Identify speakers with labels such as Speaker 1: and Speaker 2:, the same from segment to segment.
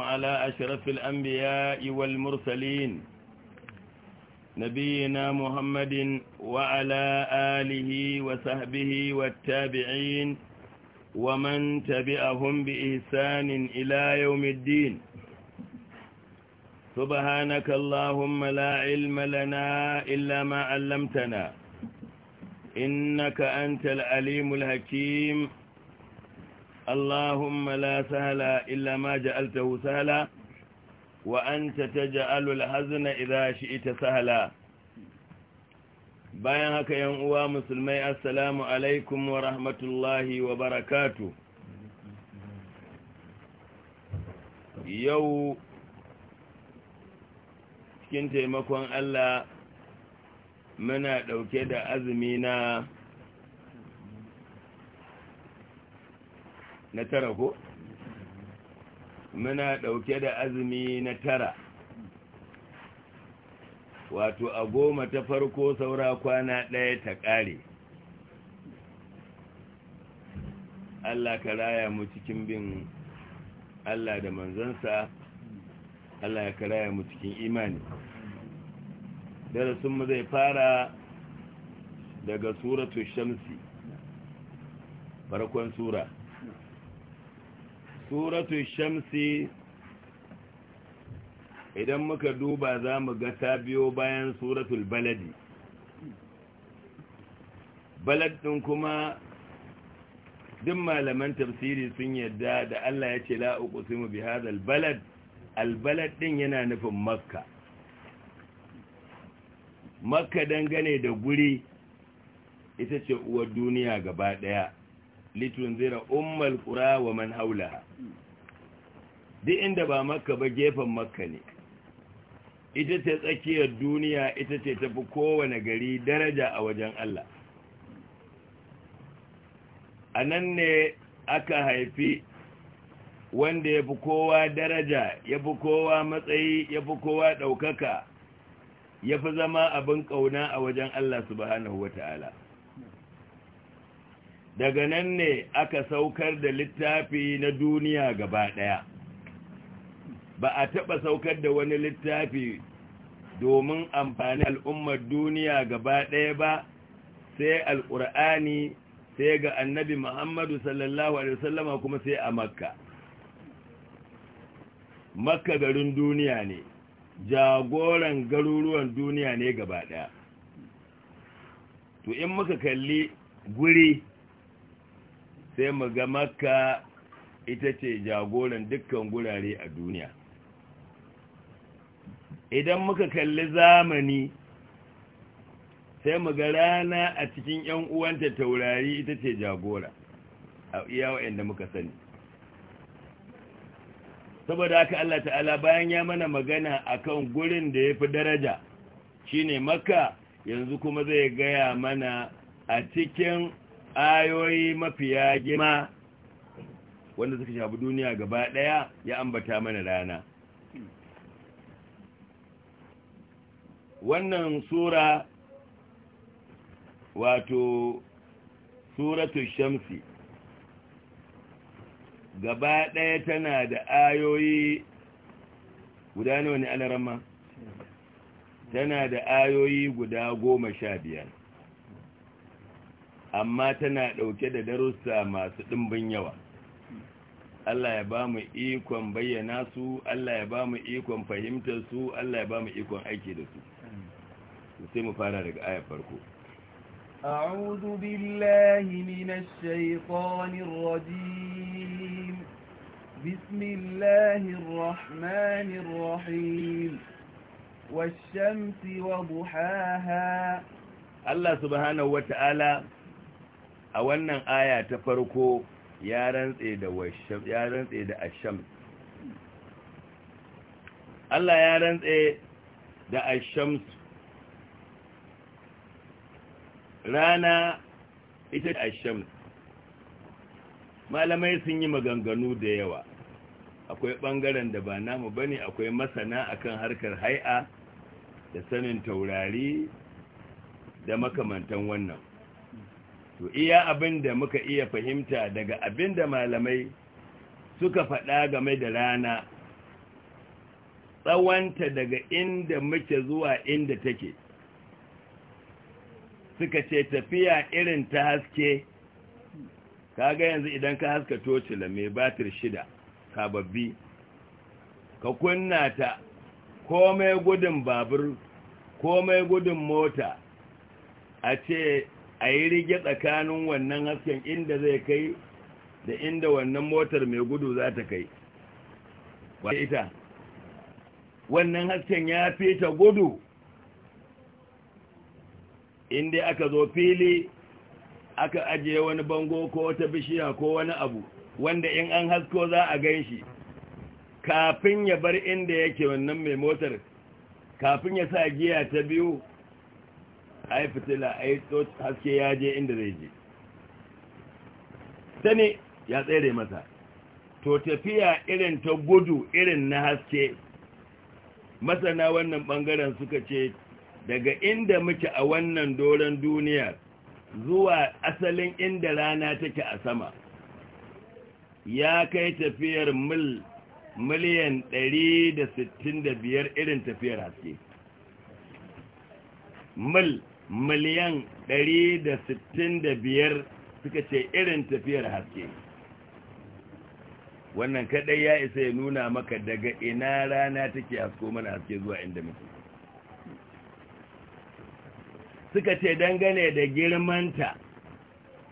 Speaker 1: وعلى أشرف الأنبياء والمرسلين نبينا محمد وعلى آله وصحبه والتابعين ومن تبعهم بإحسان إلى يوم الدين سبحانك اللهم لا علم لنا إلا ما علمتنا إنك أنت العليم الحكيم اللهم لا سهل إلا ما جعلته سهلا وأنت تجعل الحزن shi ita سهلا bayan haka yan uwa musulmai asalamu alaikum wa rahmatullahi wa barakatu yau cikin taimakon Allah muna ɗauke da azumi na na tara ko muna ɗauke da azumi na tara wato a goma ta farko saura kwana ɗaya ta ƙare Allah ka raya mu cikin bin Allah da manzansa Allah ya karaya mu cikin imani darasinmu zai fara daga suratu shamsi farkon sura suratu shamsi idan muka duba za mu ga ta biyo bayan suratul baladi balad kuma duk malaman tafsiri sun yadda da Allah ya ce la'uƙusimu bi hadal balad albalad ɗin yana nufin makka makka dangane da guri ita ce uwar duniya gaba ɗaya litunzira ummal qura wa man haulaha duk inda ba makka ba gefen makka ne ita ce tsakiyar duniya ita ce tafi kowane gari daraja a wajen Allah a nan ne aka haifi wanda ya fi kowa daraja ya fi kowa matsayi ya fi kowa ɗaukaka ya fi zama abin ƙauna a wajen Allah subhanahu wa daga nan ne aka saukar da littafi na duniya gaba ɗaya ba a taɓa saukar da wani littafi domin amfani al'ummar duniya gaba ɗaya ba sai al'ur'ani sai ga annabi muhammadu sallallahu alaihi wasallama kuma sai a makka makka garin duniya ne jagoran garuruwan duniya ne gaba ɗaya to in muka kalli guri sai mu ga makka ita ce jagoran dukkan gurare a duniya idan muka kalli zamani sai mu ga rana a cikin yan uwanta taurari ita ce jagora a iya wa'anda muka sani saboda haka Allah ta'ala bayan ya mana magana akan gurin da ya fi daraja shine makka yanzu kuma zai gaya mana a cikin ayoyi mafiya gima wanda suka shafi duniya gaba daya ya ambata mana rana wannan sura wato suratu shamsi gaba daya tana da ayoyi guda ne wani alarama tana da ayoyi guda goma sha biyar amma tana ɗauke da darussa masu ɗimbin yawa Allah ya ba mu ikon bayyana su Allah ya ba mu ikon fahimtar su Allah ya ba mu ikon aiki da su sai mu fara daga ayar farko أعوذ بالله من الشيطان الرجيم بسم الله الرحمن الرحيم والشمس وضحاها Allah subhanahu ta'ala. a wannan aya ta farko ya rantse da washam ya rantse da asham Allah ya rantse da asham rana ita asham malamai sun yi maganganu da yawa akwai bangaren da ba namu bane akwai masana akan harkar hai'a da sanin taurari da makamantan wannan to iya abin da muka iya fahimta daga abin da malamai suka faɗa game da rana tsawanta daga inda muke zuwa inda take suka ce tafiya irin ta haske kaga yanzu idan ka haska tocila mai batir shida sababbi ka kunna ta komai gudun babur komai gudun mota a ce a yi rige tsakanin wannan hasken inda zai kai da inda wannan motar mai gudu za ta kai wata ita wannan hasken ya fita gudu inda aka zo fili aka ajiye wani bango ko wata bishiya ko wani abu wanda in an hasko za a gan shi kafin ya bar inda yake wannan mai motar kafin ya sa giya ta biyu ai fitila ai haske ya je inda zai je sani ya tsere masa to tafiya irin ta gudu irin na haske masana wannan bangaren suka ce daga inda muke a wannan doron duniya zuwa asalin inda rana take a sama ya kai tafiyar mil miliyan 165 irin tafiyar haske mil miliyan 165 suka ce irin tafiyar haske wannan kadai ya isa ya nuna maka daga ina rana take hasko mana haske zuwa inda muke suka ce dangane da girmanta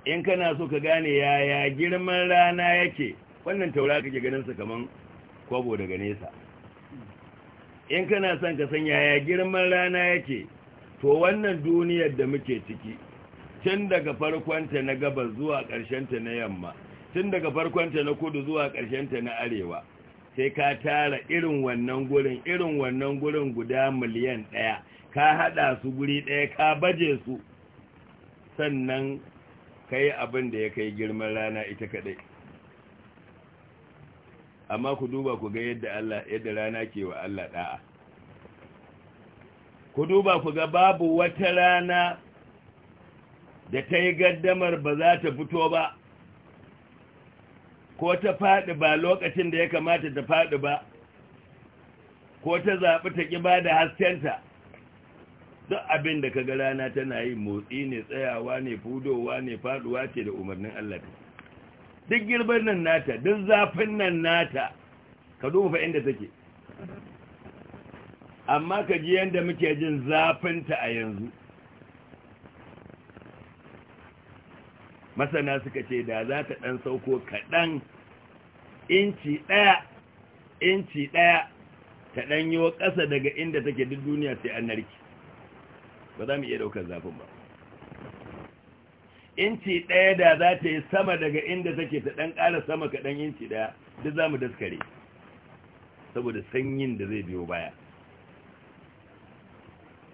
Speaker 1: in kana so ka gane yaya girman rana yake wannan taura kake ganinsa kaman kwabo daga nesa in kana son ka san yaya girman rana yake to wannan duniyar da muke ciki tun daga farkonta na gabas zuwa ƙarshenta na yamma tun daga farkonta na kudu zuwa ƙarshenta na arewa sai ka tara irin wannan gurin irin wannan gurin guda miliyan ɗaya ka haɗa su guri ɗaya ka baje su sannan kai yi abin da ya kai girman rana ita kaɗai amma ku duba ku ga yadda rana ke wa Allah ɗa'a ku duba ku ga babu wata rana da ta yi gaddamar ba za ta fito ba ko ta faɗi ba lokacin da ya kamata ta faɗi ba ko ta zaɓi ta ƙi ba da haskenta duk abin da ga rana tana yi motsi ne tsayawa ne fudowa ne faɗuwa ce da umarnin Allah ta duk girbin nan nata duk zafin nan nata ka duba inda take amma ka ji yadda muke jin zafinta a yanzu masana suka ce da za ta ɗan sauko kaɗan inci ɗaya inci ɗaya ta ɗan yi wa ƙasa daga inda take duk duniya sai an narki ba za mu iya ɗaukar zafin ba inci ɗaya da za ta yi sama daga inda take ta ɗan ƙara sama kaɗan inci ɗaya duk za mu daskare saboda sanyin da zai biyo baya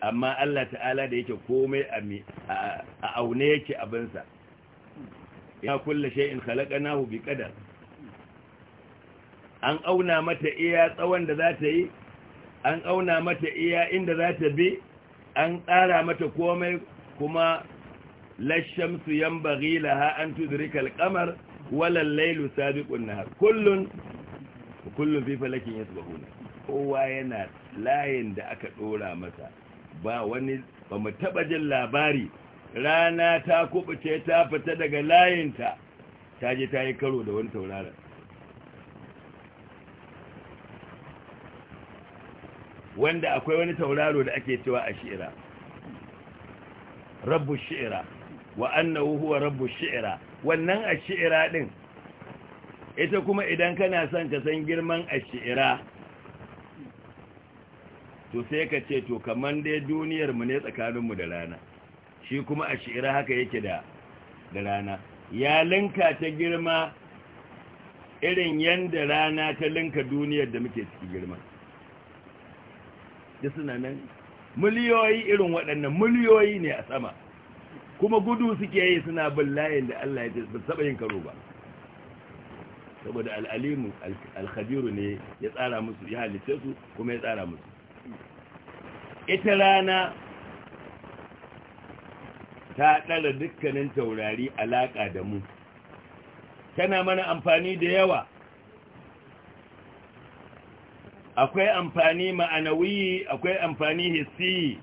Speaker 1: amma Allah ta'ala da yake komai a aune yake abinsa ya kulla shay'in khalaqnahu bi qadar an auna mata iya tsawon da za ta yi an auna mata iya inda za ta bi an tsara mata komai kuma lashamsu yanbaghi laha an tudrika al-qamar wala al-laylu sabiqun nahar kullun kullun fi falakin yasbahuna kowa yana layin da aka dora masa ba wani ba mu taba jin labari rana ta kubuce ta fita daga layinta ta je ta yi karo da wani tauraron wanda akwai wani tauraro da ake cewa a shi'ira rabbu shi'ira wa annahu huwa rabbu shi'ira wannan a shi'ira din ita kuma idan kana son ka san girman a shi'ira to sai ka ce to kaman dai duniyar mu ne tsakaninmu da rana shi kuma a shi'ira haka yake da da rana ya linka ta girma irin yanda rana ta linka duniyar da muke ciki girma da suna nan miliyoyi irin waɗannan miliyoyi ne a sama kuma gudu suke yi suna bin layin da Allah ya ce ba saba yin karo ba saboda al'alimu al-khadiru ne ya tsara musu ya halice su kuma ya tsara musu ita rana ta ɗara dukkanin taurari alaƙa da mu tana mana amfani da yawa akwai amfani ma'anawi akwai amfani hissi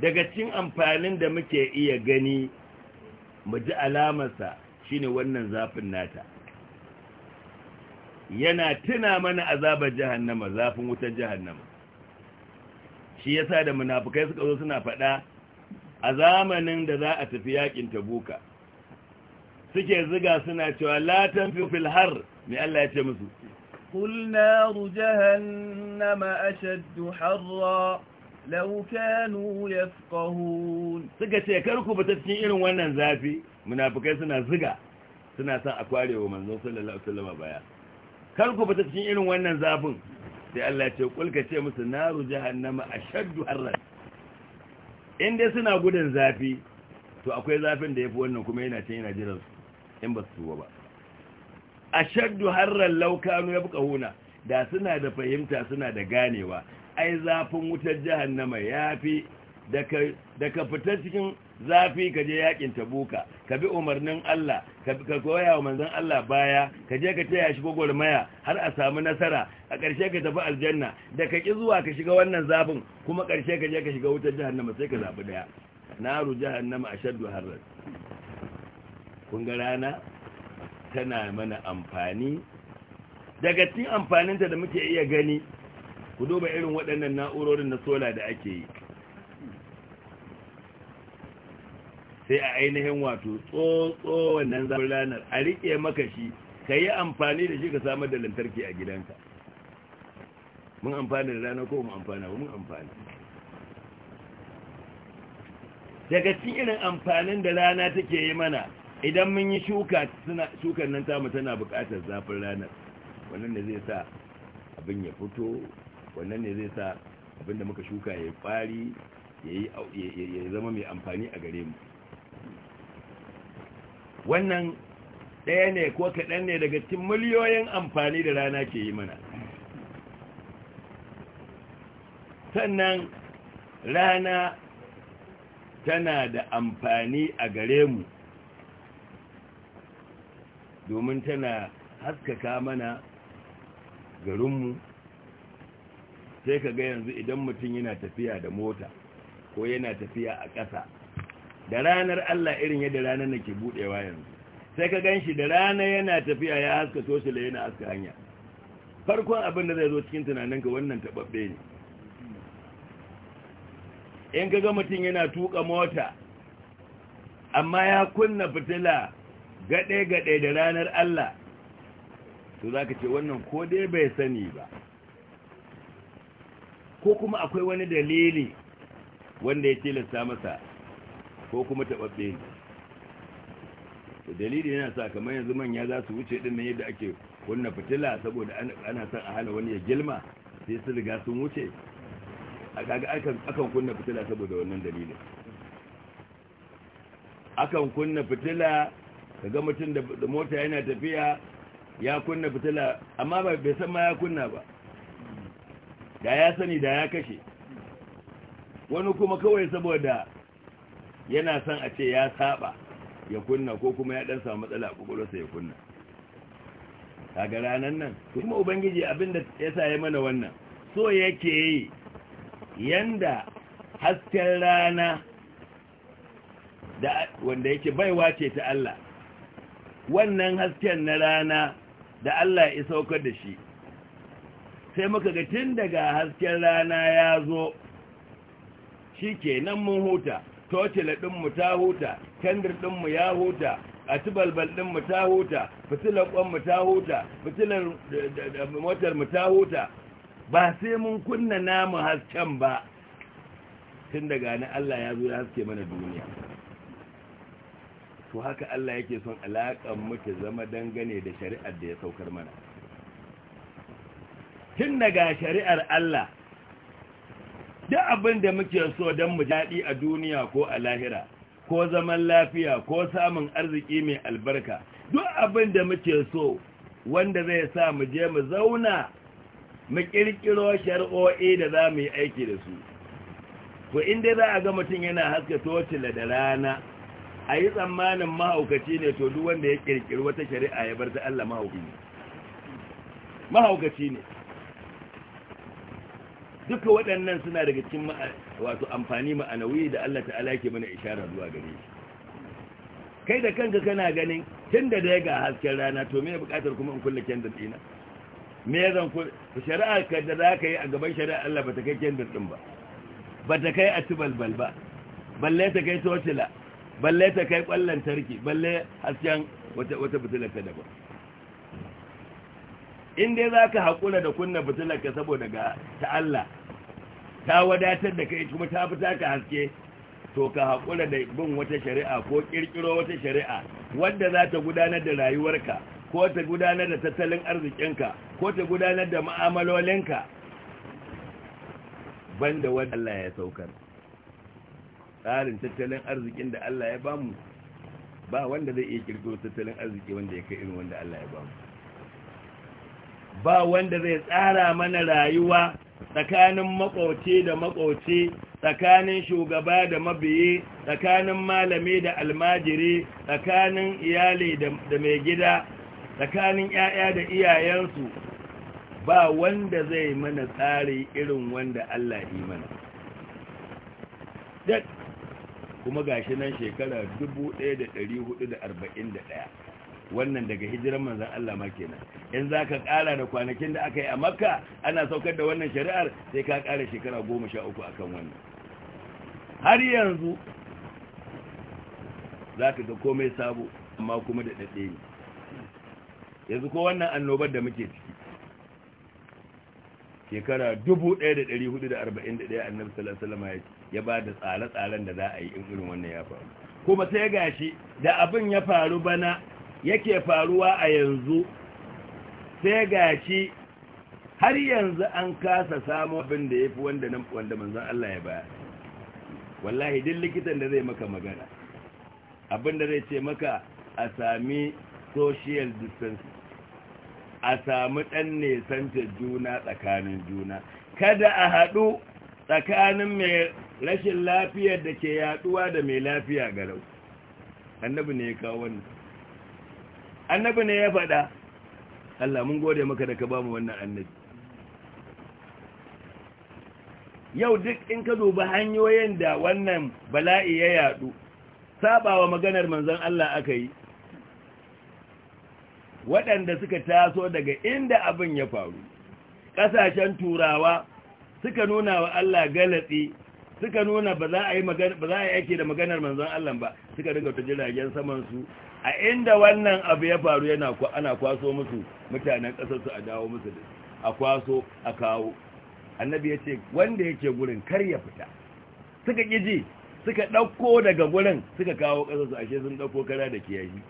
Speaker 1: daga cin amfanin da muke iya gani mu ji alamarsa shine wannan zafin nata yana tuna mana azabar jahannama zafin wutar jahannama shi sa da munafukai suka zo suna faɗa a zamanin da za a tafi yakin tabuka suke ziga suna cewa latan fil har mai Allah ya ce musu kulna نار جهنم أشد حرا لو كانوا يفقهون suka ce karku ba ta cikin irin wannan zafi Munafukai suna ziga suna san akwarewa manzon sallallahu alaihi wasallam baya karku ba ta cikin irin wannan zafin sai Allah ce kulka ce musu naru jahannama ashaddu harran in dai suna gudun zafi to akwai zafin da yafi wannan kuma yana cin yana jiran su in ba su tuwa ba ashaddu harran law kanu huna da suna da fahimta suna da ganewa ai zafin wutar jahannama fi. da ka fita cikin zafi ka je yakin tabuka ka bi umarnin Allah ka koya wa manzon Allah baya ka je ka taya shi maya, har a samu nasara a ƙarshe ka tafi aljanna da ka ki zuwa ka shiga wannan zafin kuma ƙarshe ka je ka shiga wutar jahannama sai ka zabi daya naru jahannama ashaddu harran kun ga rana tana mana amfani daga cikin amfaninta da muke iya gani ku duba irin waɗannan na'urorin na sola da ake yi sai a ainihin wato tsotso wannan zafin ranar a riƙe maka shi ka yi amfani da shi ka samar da lantarki a gidanka mun amfani da rana ko mun amfana mun amfani daga cikin irin amfanin da rana take yi mana idan mun yi shuka shukan nan tamu tana buƙatar zafin ranar wannan ne zai sa abin ya fito wannan ne zai sa abin da muka shuka ya fari ya zama mai amfani a gare mu wannan ɗaya ne ko kaɗan ne daga cikin miliyoyin amfani da rana ke yi mana sannan rana tana da amfani a gare mu domin tana haskaka mana garinmu sai ka ga yanzu idan mutum yana tafiya da mota ko yana tafiya a ƙasa da ranar Allah irin yadda ranar nake budewa yanzu sai ka ganshi da ranar yana tafiya ya haska da yana haska hanya farkon abin da zai zo cikin tunaninka wannan tababbe ne in ka ga mutum yana tuka mota amma ya kunna fitila gade-gade da ranar Allah to za ce wannan ko dai bai sani ba ko kuma akwai wani dalili wanda ya tilasta masa ko kuma taɓaɓɓe dalili yana sa kamar yanzu manya za su wuce ɗin yadda ake kunna fitila saboda ana son a hana wani ya gilma sai su riga sun wuce a kaga akan kunna fitila saboda wannan dalilin akan kunna fitila ka ga mutum da mota yana tafiya ya kunna fitila amma bai san ma ya kunna ba da ya sani da ya kashe wani kuma kawai saboda yana son a ce ya saba ya kunna ko kuma ya dan samu matsala a ya kunna kaga ranan nan kuma ubangiji abinda ya sa ya mana wannan so yake yi yanda hasken rana da wanda yake baiwa ce ta Allah wannan hasken na rana da Allah ya saukar da shi sai muka ga tun daga hasken rana ya zo shi kenan mun huta tocila ɗinmu ta huta kendir ɗinmu ya huta a tibalbal ɗinmu ta huta fitilan ƙwanmu ta huta fitilan motarmu ta huta ba sai mun kunna namu hasken ba tun daga ni Allah ya zo ya haske mana duniya to haka Allah yake son alaƙar mu ta zama dangane da shari'ar da ya saukar mana tun daga shari'ar Allah duk abin da muke so don mu daɗi a duniya ko a lahira ko zaman lafiya ko samun arziki mai albarka duk abin da muke so wanda zai sa mu je mu zauna mu kirkiro shari'o'i da za mu yi aiki da su to inda za a ga mutum yana haska tocila da rana a yi tsammanin mahaukaci ne to duk wanda ya ƙirƙiri wata shari'a ya bar ta Allah mahaukaci mahaukaci ne duka waɗannan suna daga cikin wato amfani ma'anawi da Allah ta'ala ke mana ishara zuwa gare shi kai da kanka kana ganin tun da daga hasken rana to me buƙatar kuma in kulle kendir dina me ya zan kulle shari'a ka da za ka yi a gaban shari'a Allah ba ta kai kendir din ba ba ta kai atibalbal ba balle ta kai totila balle ta kai kwallon tarki balle hasken wata wata fitilar ta daban in dai za ka haƙura da kunna fitilarka saboda ga ta Allah ta wadatar da kai kuma ta fita ka haske to ka haƙura da bin wata shari'a ko ƙirƙiro wata shari'a wadda za ta gudanar da rayuwarka ko ta gudanar da tattalin arzikinka ko ta gudanar da ma'amalolinka banda wanda Allah ya saukar tsarin tattalin arzikin da Allah ya bamu ba wanda zai iya ƙirƙiro tattalin arziki wanda ya kai irin wanda Allah ya bamu ba wanda zai tsara mana rayuwa tsakanin makwauce da makwauce tsakanin shugaba da mabiyi tsakanin malami da almajiri tsakanin iyali da mai gida tsakanin 'ya'ya da iyayensu ba wanda zai mana tsari irin wanda Allah yi mana kuma gashi nan shekara 1441 wannan daga hijiran manzan Allah ma kenan in za ka ƙara da kwanakin da aka yi a makka ana saukar da wannan shari'ar sai ka ƙara shekara goma sha uku akan wannan har yanzu za ka ga komai sabo amma kuma da ɗaɗe ne yanzu ko wannan annobar da muke ciki shekara 1441 annabi sallallahu alaihi ya ba da tsare-tsaren da za a yi in irin wannan ya faru kuma sai gashi da abin ya faru bana yake faruwa a yanzu sai gashi har yanzu an kasa samu abin da ya fi wanda nan wanda manzan Allah ya baya wallahi duk likitan da zai maka magana abin da zai ce maka a sami social distance a sami ɗan ta juna tsakanin juna kada a haɗu tsakanin mai rashin lafiyar da ke yaduwa da mai lafiya garau annabi ne ya kawo wannan annabi ne ya faɗa Allah mun gode maka da ka bamu wannan annabi yau duk in ka duba hanyoyin da wannan bala'i ya yadu sabawa maganar manzon Allah aka yi waɗanda suka taso daga inda abin ya faru ƙasashen turawa suka nuna wa Allah galatsi suka nuna ba za a yi ake da maganar manzon Allah ba suka riga ta jiragen saman su a inda wannan abu ya faru yana ana kwaso musu mutanen kasar su a dawo musu da a kwaso a kawo annabi ya ce wanda yake gurin kar ya fita suka kiji suka ɗauko daga gurin suka kawo kasar su ashe sun ɗauko kara da kiyayi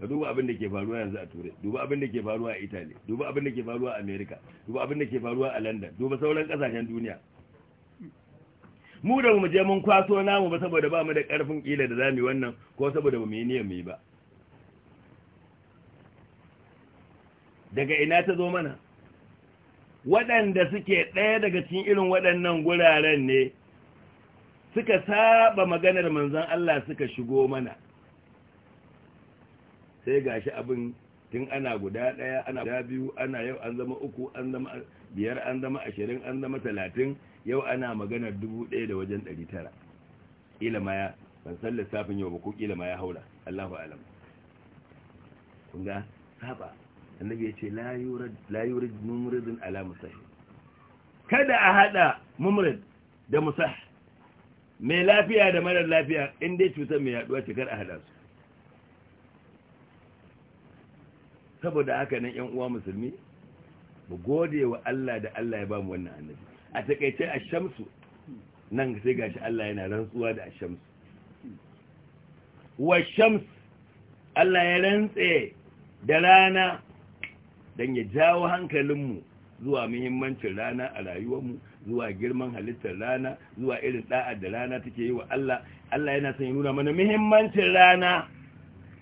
Speaker 1: ka duba abin da ke faruwa yanzu a turai duba abin da ke faruwa a italy duba abin da ke faruwa a america duba abin da ke faruwa a london duba sauran kasashen duniya mu da mu je mun kwaso namu ba saboda ba mu da karfin kila da zamu wannan ko saboda ba mu yi niyyar mu ba daga ina ta zo mana waɗanda suke ɗaya daga cikin irin waɗannan guraren ne suka saba maganar manzon Allah suka shigo mana sai gashi abin tun ana guda ɗaya ana guda biyu ana yau an zama uku an zama biyar an zama ashirin an zama talatin yau ana maganar dubu ɗaya da wajen ɗari tara ƙila ma ya ban san lissafin yau ba ko ƙila ma ya haula allahu alam kun ga saba annabi ya ce la yurid mumridin ala musah kada a hada mumrid da musah mai lafiya da marar lafiya inda cutar mai yaduwa ce kar a hada su saboda haka nan yan uwa musulmi mu gode wa Allah da Allah ya ba mu wannan annabi a takaice a shamsu nan sai gashi Allah yana rantsuwa da shamsu. wa shamsu. Allah ya rantse da rana don ya jawo hankalinmu zuwa muhimmancin rana a rayuwar mu zuwa girman halittar rana zuwa irin da'a da rana take yi wa Allah Allah yana son ya nuna mana muhimmancin rana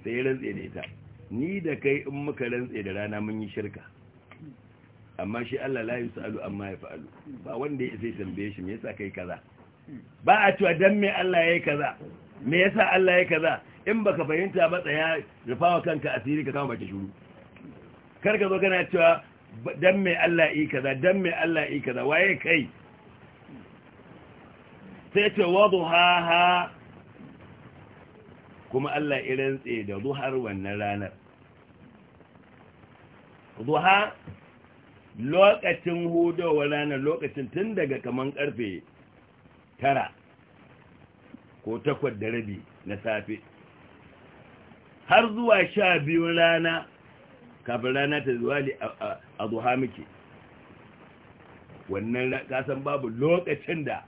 Speaker 1: sai ya rantse da ita ni da kai in muka rantse da rana mun yi shirka amma shi Allah la sa’alu amma ya fa'alu ba wanda ya sai tambaye shi me yasa kai kaza hmm. ba a cewa dan mai Allah ya yi kaza me yasa Allah yi kaza in ba ka fahimta ba rufa rufawa kanka asiri ka kama baki shuru kar ka zo kana cewa dan mai Allah yi kaza dan mai Allah yi kaza waye kai sai ce zuha ha kuma Allah irin tsaye da zuhar wannan ranar zuha lokacin hudowa ranar lokacin tun daga kaman karfe tara ko takwas da rabi na safe har zuwa sha biyu rana kafin rana ta ne a zuha muke wannan kasan babu lokacin da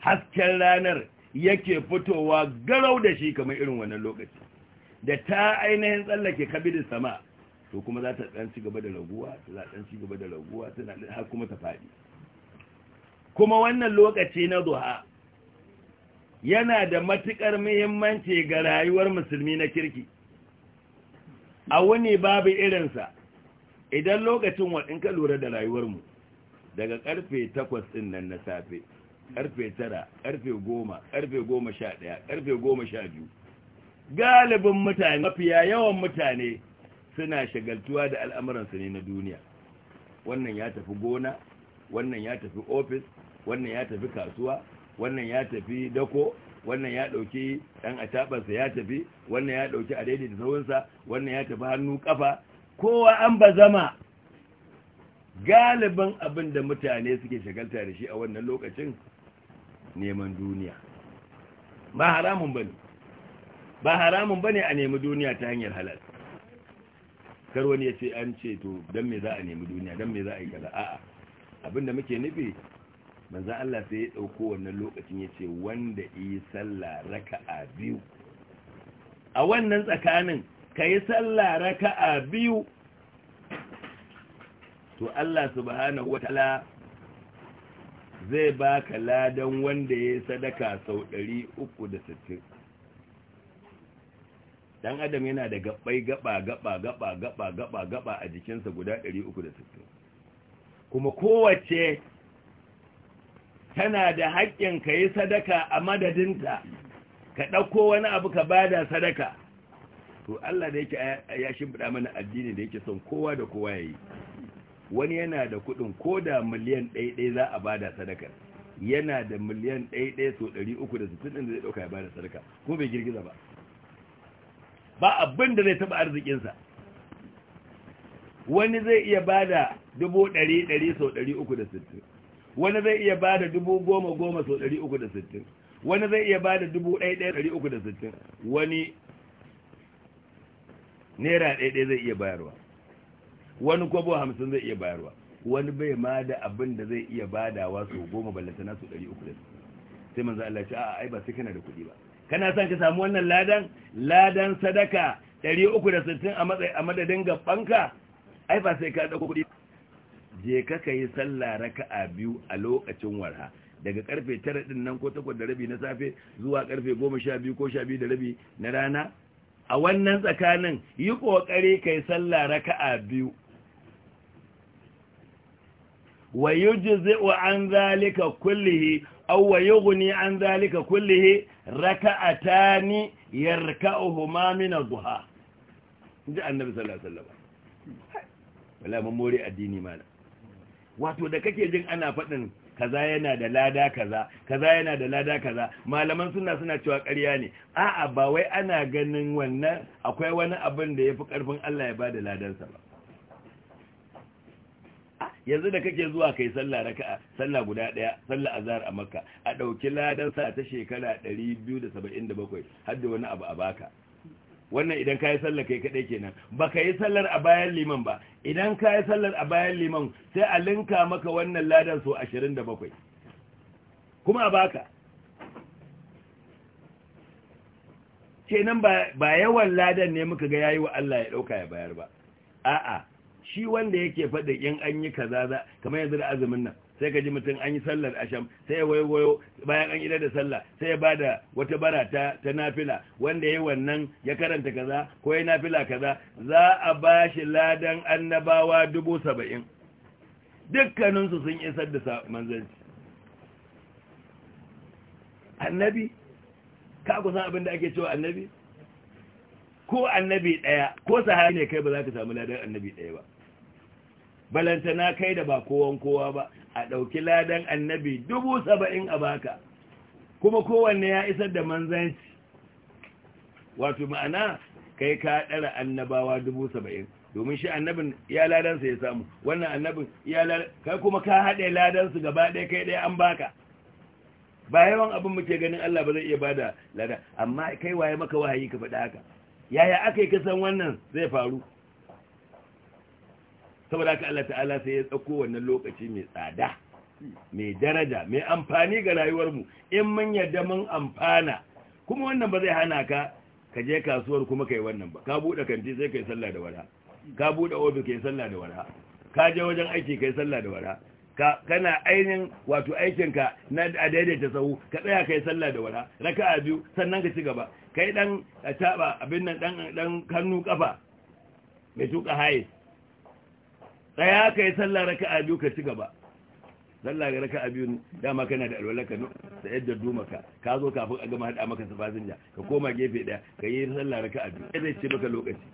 Speaker 1: hasken ranar yake fitowa garau da shi kamar irin wannan lokaci da ta ainihin tsallake kabidin sama to kuma za ta dan ci gaba da raguwa ta za dan ci gaba da raguwa tana har kuma ta fadi kuma wannan lokaci na duha yana da matukar muhimmanci ga rayuwar musulmi na kirki a wani babu irinsa idan lokacin waɗin ka lura da rayuwarmu daga karfe takwas ɗin nan na safe karfe tara karfe goma karfe goma sha ɗaya karfe goma sha biyu galibin mutane mafiya yawan mutane suna shagaltuwa da al'amuransu ne na duniya wannan ya tafi gona wannan ya tafi ofis wannan ya tafi kasuwa wannan ya tafi dako wannan ya dauki dan atabarsa ya tafi wannan ya dauki a daidai da sauransa wannan ya tafi hannu kafa kowa an bazama galibin abin da mutane suke shagalta da shi a wannan lokacin neman duniya ba haramun bane ba haramun bane a nemi duniya ta hanyar halal kar wani ya ce an ce to don me za a nemi duniya don me za a yi kaza a'a abinda muke nufi manzo Allah sai ya dauko wannan lokacin ya ce wanda yi sallah raka'a biyu a wannan tsakanin kai sallah raka'a biyu to Allah subhanahu wataala zai baka ladan wanda ya sadaka sau 360 dan adam yana da gabbai gaba gaba gaba gaba gaba gaba a jikinsa guda 360 kuma kowace tana da haƙƙin ka yi sadaka a madadinta ka ɗauko wani abu ka bada sadaka to Allah da yake ya shimfiɗa mana addini da yake son kowa da kowa yayi wani yana da kuɗin ko da miliyan ɗaiɗai za a bada sadakar yana da miliyan ɗaiɗai so 360 ɗin da zai ɗauka ya bada sadaka kuma bai girgiza ba ba abin da zai taba arzikinsa wani zai iya ba da dubu ɗari ɗari sau ɗari uku da sittin wani zai iya ba da dubu goma goma sau ɗari uku da sittin wani zai iya ba da dubu ɗaya ɗaya ɗari uku da sittin wani naira ɗaya ɗaya zai iya bayarwa wani kwabo hamsin zai iya bayarwa wani bai ma da abin da zai iya badawa sau goma ballantana sau ɗari uku da sittin sai manzo Allah ya ce a'a ai ba sai kana da kuɗi ba kana son ka samu wannan ladan ladan sadaka 360 a madadin gabanka ai ba sai ka dauko kudi je ka kai sallah raka'a biyu a lokacin warha daga karfe 9 din nan ko 8 da rabi na safe zuwa karfe 12 ko 12 da rabi na rana a wannan tsakanin yi kokari kai sallah raka'a biyu wa yujzi an zalika kullihi أو يغني عن ذلك كله ركعتان يركعهما من الضحى جاء النبي صلى الله عليه Wala ولا مموري addini mana. wato da kake jin ana faɗin kaza yana da lada kaza kaza yana da lada kaza malaman suna suna cewa ƙarya ne a'a ba wai ana ganin wannan akwai wani abin da ya fi ƙarfin Allah ya bada ladansa ba yanzu da kake zuwa kai sallah raka'a sallah guda daya sallah azhar a makka a dauki ladan sa ta shekara 277 har da wani abu a baka wannan idan kai sallah kai kadai kenan baka yi sallar a bayan liman ba idan kai sallar a bayan liman sai a linka maka wannan ladan so 27 kuma a baka kenan ba yawan ladan ne muka ga yayi wa Allah ya dauka ya bayar ba a'a shi wanda yake faɗa in an yi kaza za kamar yanzu da azumin nan sai ka ji mutum an yi sallar asham sai ya wayo bayan an idar da sallah sai ya bada wata bara ta ta nafila wanda yayi wannan ya karanta kaza ko ya nafila kaza za a ba shi ladan annabawa dubu saba'in dukkaninsu sun isar da manzanci annabi ka ku san abin da ake cewa annabi ko annabi daya ko sahabi ne kai ba za ka samu ladan annabi daya ba Balanta na kai da ba kowan kowa ba a ɗauki ladan annabi dubu saba'in a baka kuma kowanne ya isar da manzanci wato ma'ana kai ka ɗara annabawa dubu saba'in domin shi annabin ya ladansa ya samu wannan annabin ya kai kuma ka haɗe ladansu gaba ɗaya kai ɗaya an baka ba yawan abin muke ganin Allah ba zai iya bada lada amma kai waye maka wahayi ka faɗa haka yaya aka yi kasan wannan zai faru saboda haka Allah ta'ala sai ya tsako wannan lokaci mai tsada mai daraja mai amfani ga rayuwarmu in mun yarda mun amfana kuma wannan ba zai hana ka ka je kasuwar kuma kai wannan ba ka bude kanti sai kai sallah da wara ka bude ofis kai sallah da wara ka je wajen aiki kai sallah da wara ka kana ainin wato aikinka na a daidaita sahu ka tsaya kai sallah da wara raka'a biyu sannan ka ci gaba kai dan taba abin nan dan dan hannu kafa mai tuka haye tsaya ka yi sallah raka a biyu ka ci gaba sallah ga raka a biyu dama kana da ka da yadda dumaka ka zo kafin a gama had'a maka sufafin ja ka koma gefe daya ka yi sallah raka a biyu zai ce maka lokaci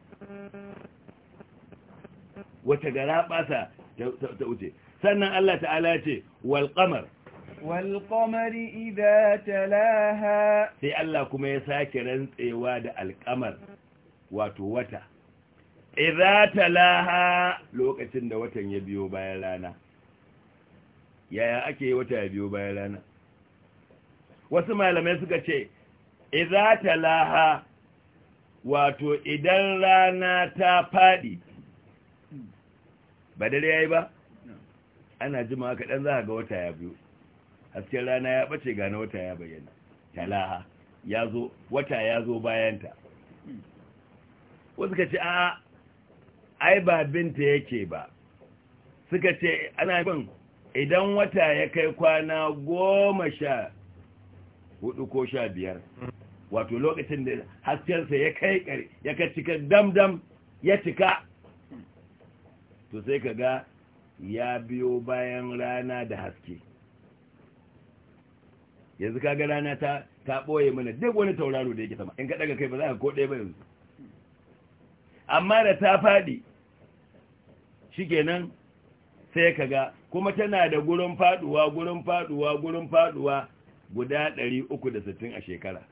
Speaker 1: wata gara basa ta wuce sannan Allah ta'ala ce wal qamar wal qamari idza talaha sai Allah kuma ya sake rantsewa da alqamar wato wata idza talaha lokacin da watan ya biyo bayan rana yaya ake wata ya biyo bayan rana wasu malamai suka ce idza talaha wato idan rana ta fadi ba dare yayi ba ana jima kaɗan za ga wata ya biyo hasken rana ya ɓace gane wata ya bayyana talaha ya zo wata ya zo bayanta wasu ka ce a ai ba binta yake ba suka ce ana bin idan wata ya kai kwana goma sha hudu ko sha biyar wato lokacin da haskensa ya kai kare ya ka cika damdam ya cika to sai ka ga ya biyo bayan rana da haske yanzu kaga rana ta ta ɓoye mana duk wani tauraro da yake sama in ka daga kai ba za ka ko ba yanzu amma da ta faɗi shikenan sai kaga kuma tana da gurin faduwa gurin faduwa gurin faduwa guda 360 a shekara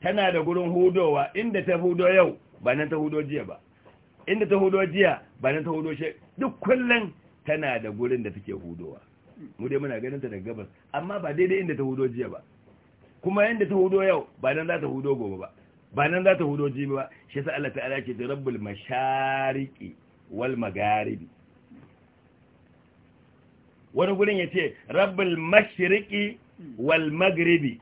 Speaker 1: tana da gurin hudowa inda ta hudo yau ba nan ta hudo jiya ba inda ta hudo jiya ba nan ta hudo shi duk kullun tana da gurin da take hudowa mu dai muna ganin ta daga gabas amma ba daidai inda ta hudo jiya ba kuma inda ta hudo yau ba nan za ta hudo gobe ba ba nan za ta hudoji ba shi yasa Allah ta'ala ke rabbul mashariqi wal magharibi wani gurin yace rabbul mashriqi wal maghribi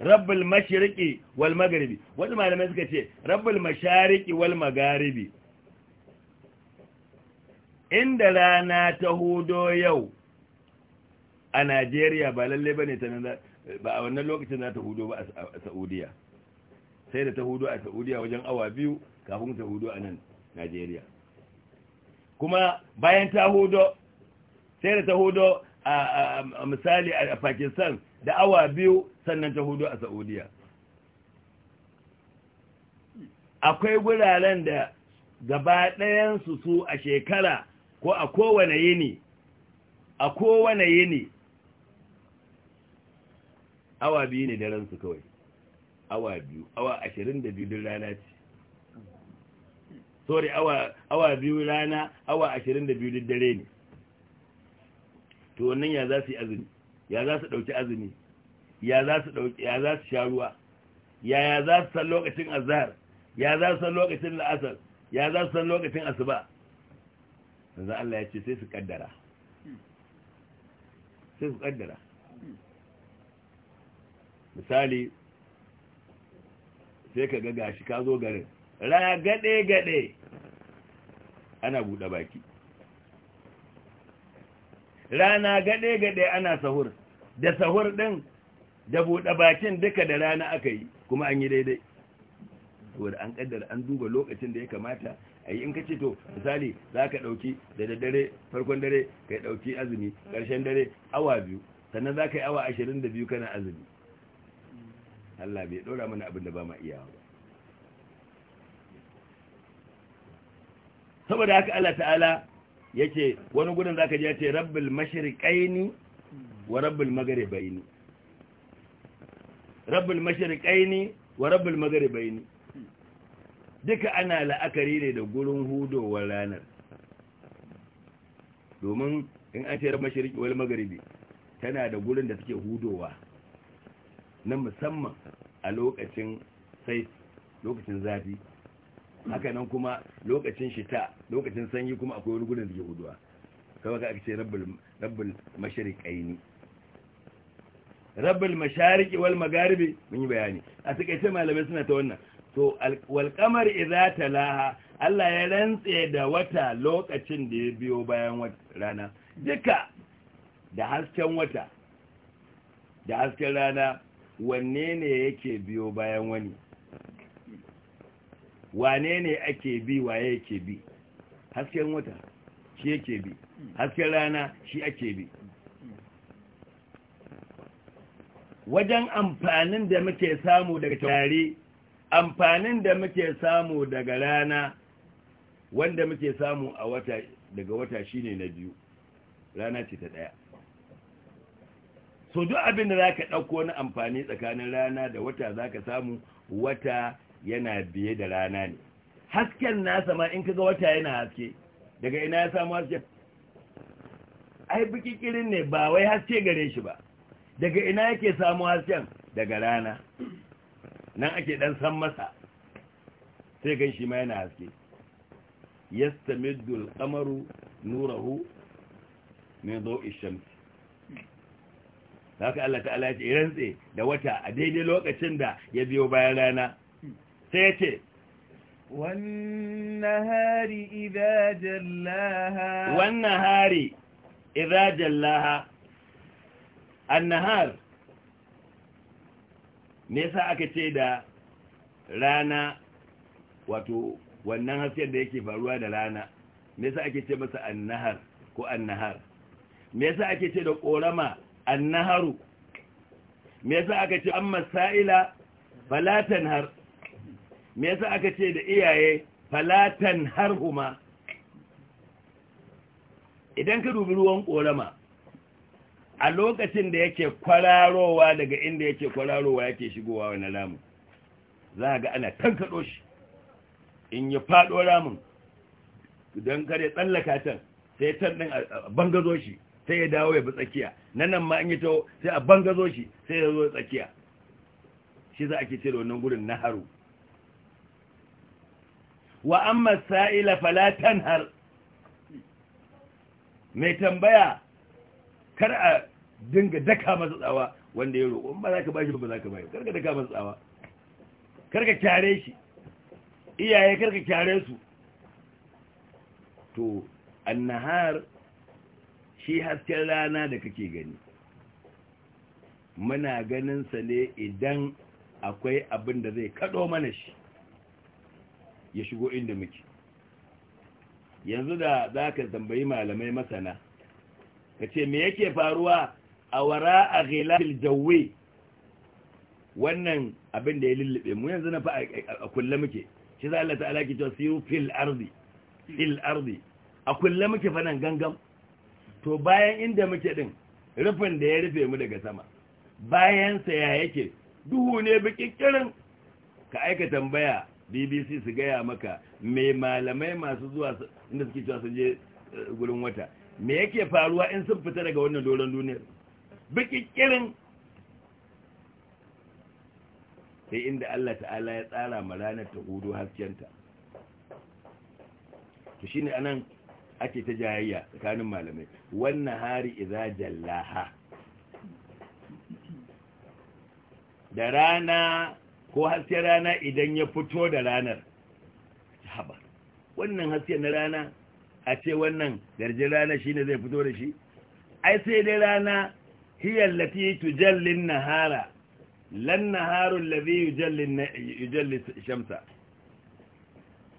Speaker 1: rabbul mashriqi wal maghribi wani malamai suka ce rabbul mashariqi wal magharibi inda rana ta hudo yau a Najeriya ba lalle bane ta nan ba a wannan lokacin za ta hudu ba a saudiya sai da ta hudu a saudiya wajen awa biyu kafin ta hudu a nan najeriya kuma bayan ta hudu, sai da ta hudu a misali a pakistan da awa biyu sannan ta hudu a saudiya akwai guraren da gaba ɗayansu su a shekara ko a kowane yini a kowane yini awa biyu ne daren su kawai awa biyu awa ashirin da biyu duk rana ce sorry awa awa biyu rana awa ashirin da biyu duk dare ne to wannan ya za su yi azumi ya za su ɗauki azumi ya za su ya za su sha ruwa ya ya za su san lokacin azhar ya za su san lokacin la'asar ya za su san lokacin asuba manzo Allah ya ce sai su kaddara sai su kaddara misali sai ka ga gashi ka zo garin ragade-gade ana buɗe baki rana gade-gade ana sahur da sahur ɗin da buɗe bakin duka da rana aka yi kuma an yi daidai saboda an kaddara an duba lokacin da ya kamata a yi in ka ce to misali za ka ɗauki da daddare farkon dare ka ɗauki azumi ƙarshen dare awa biyu sannan za ka yi awa ashirin da biyu kana azumi Allah bai dora mana abin da ba ma iyawa ba saboda haka Allah ta'ala yake wani gudun zaka ji ce rabbul mashriqaini wa rabbul magharibaini rabbul mashriqaini wa rabbul magharibaini duka ana la'akari ne da gurin hudowar ranar domin in an ce rabbul mashriqi wal magharibi tana da gurin da take hudowa na musamman a lokacin sai lokacin zafi haka kuma lokacin shita lokacin sanyi kuma akwai wani gudun da ke guduwa kawai ka ake ce mashari mashariƙaini rabbul mashariƙi wal magaribi mun yi bayani a takaice malamai suna ta wannan to walƙamar idza talaha Allah ya rantse da wata lokacin da ya biyo bayan rana duka da hasken wata da hasken rana wanne ne yake biyo bayan wani wane ne ake bi waye yake bi hasken wata shi yake bi hasken rana shi ake bi wajen amfanin da muke samu daga tare amfanin da muke samu daga rana wanda muke samu a wata daga wata shine na biyu rana ce ta daya so duk abin da zaka ɗauko na amfani tsakanin rana da wata zaka samu wata yana biye da rana ne hasken nasa ma in kaga wata yana haske daga ina ya samu haske ai bikikirin ne ba wai haske gare shi ba daga ina yake samu hasken daga rana nan ake dan san masa sai gan shi ma yana haske yastamiddu qamaru nurahu min dawi shams haka Allah ta'ala ya ce rantse da wata a daidai lokacin da ya biyo bayan rana sai ya ce Wannan Hari, jallaha wannahari idza jallaha annahar me aka ce da rana wato wannan hasken da yake faruwa da rana me yasa ake ce masa annahar ko annahar me yasa ake ce da korama annaharu me yasa aka ce amma sa'ila falatan har me yasa aka ce da iyaye falatan har huma idan ka dubi ruwan korama a lokacin da yake kwararowa daga inda yake kwararowa yake shigowa wani lamu za ga ana tankaɗo shi in yi faɗo ramun don kare tsallaka can sai can ɗin a bangazo shi sai ya dawo ya bi tsakiya nan nan ma an yi taho sai a bangazo shi sai ya zo tsakiya shi za a ke ce da wannan na haru wa amma sa'ila falatan har mai tambaya kar a dinga daka masa tsawa wanda ya roƙo ba za ka bashi ba za ka bayi kar ka daka masa tsawa kar ka kyare shi iyaye kar ka kyare su to annahar shi hasken rana da kake gani muna ganinsa ne idan akwai abin da zai kaɗo mana shi ya shigo inda muke yanzu da za ka tambayi malamai masana ka ce me yake faruwa a wara a ghilafil jawwe wannan abin da ya lullube mu yanzu na fa a kulle muke shi za Allah ta'ala to siyu fil ardi a kulle muke fa nan gangam to bayan inda muke din rufin da ya rufe mu daga sama bayansa ya yake duhu ne bikikirin ka aika tambaya bbc su gaya maka mai malamai masu zuwa inda suke cewa sun je eh, gurin wata me yake faruwa in sun fita daga wannan doron duniyar bikikirin sai inda allah ta'ala ya tsara ma ranar ta hudu haskenta to shine anan ake ta jayayya tsakanin malamai wannan hari iza jallaha da rana ko hasken rana idan ya fito da ranar haba wannan hasken na rana a ce wannan garjin rana shi ne zai fito da shi ai sai dai rana hiyar lati tujallin nahara lan naharun lazi yujallin shamsa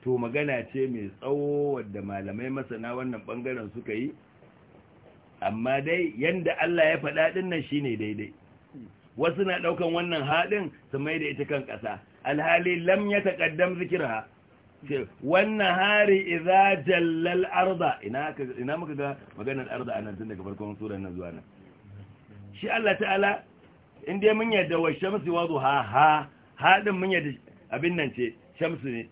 Speaker 1: to magana ce mai tsawo wadda malamai masana wannan bangaren suka yi amma dai yanda Allah ya faɗa ɗin nan shine daidai wasu na ɗaukan wannan haɗin su mai da ita kan ƙasa alhali lam ya taƙaddam zikirha ce wannan hari iza jallal arda ina muka ga maganar arda nan tun daga farkon sura nan zuwa nan shi Allah ta'ala in dai mun yadda wa shamsi wa duha ha haɗin mun yadda abin nan ce shamsu ne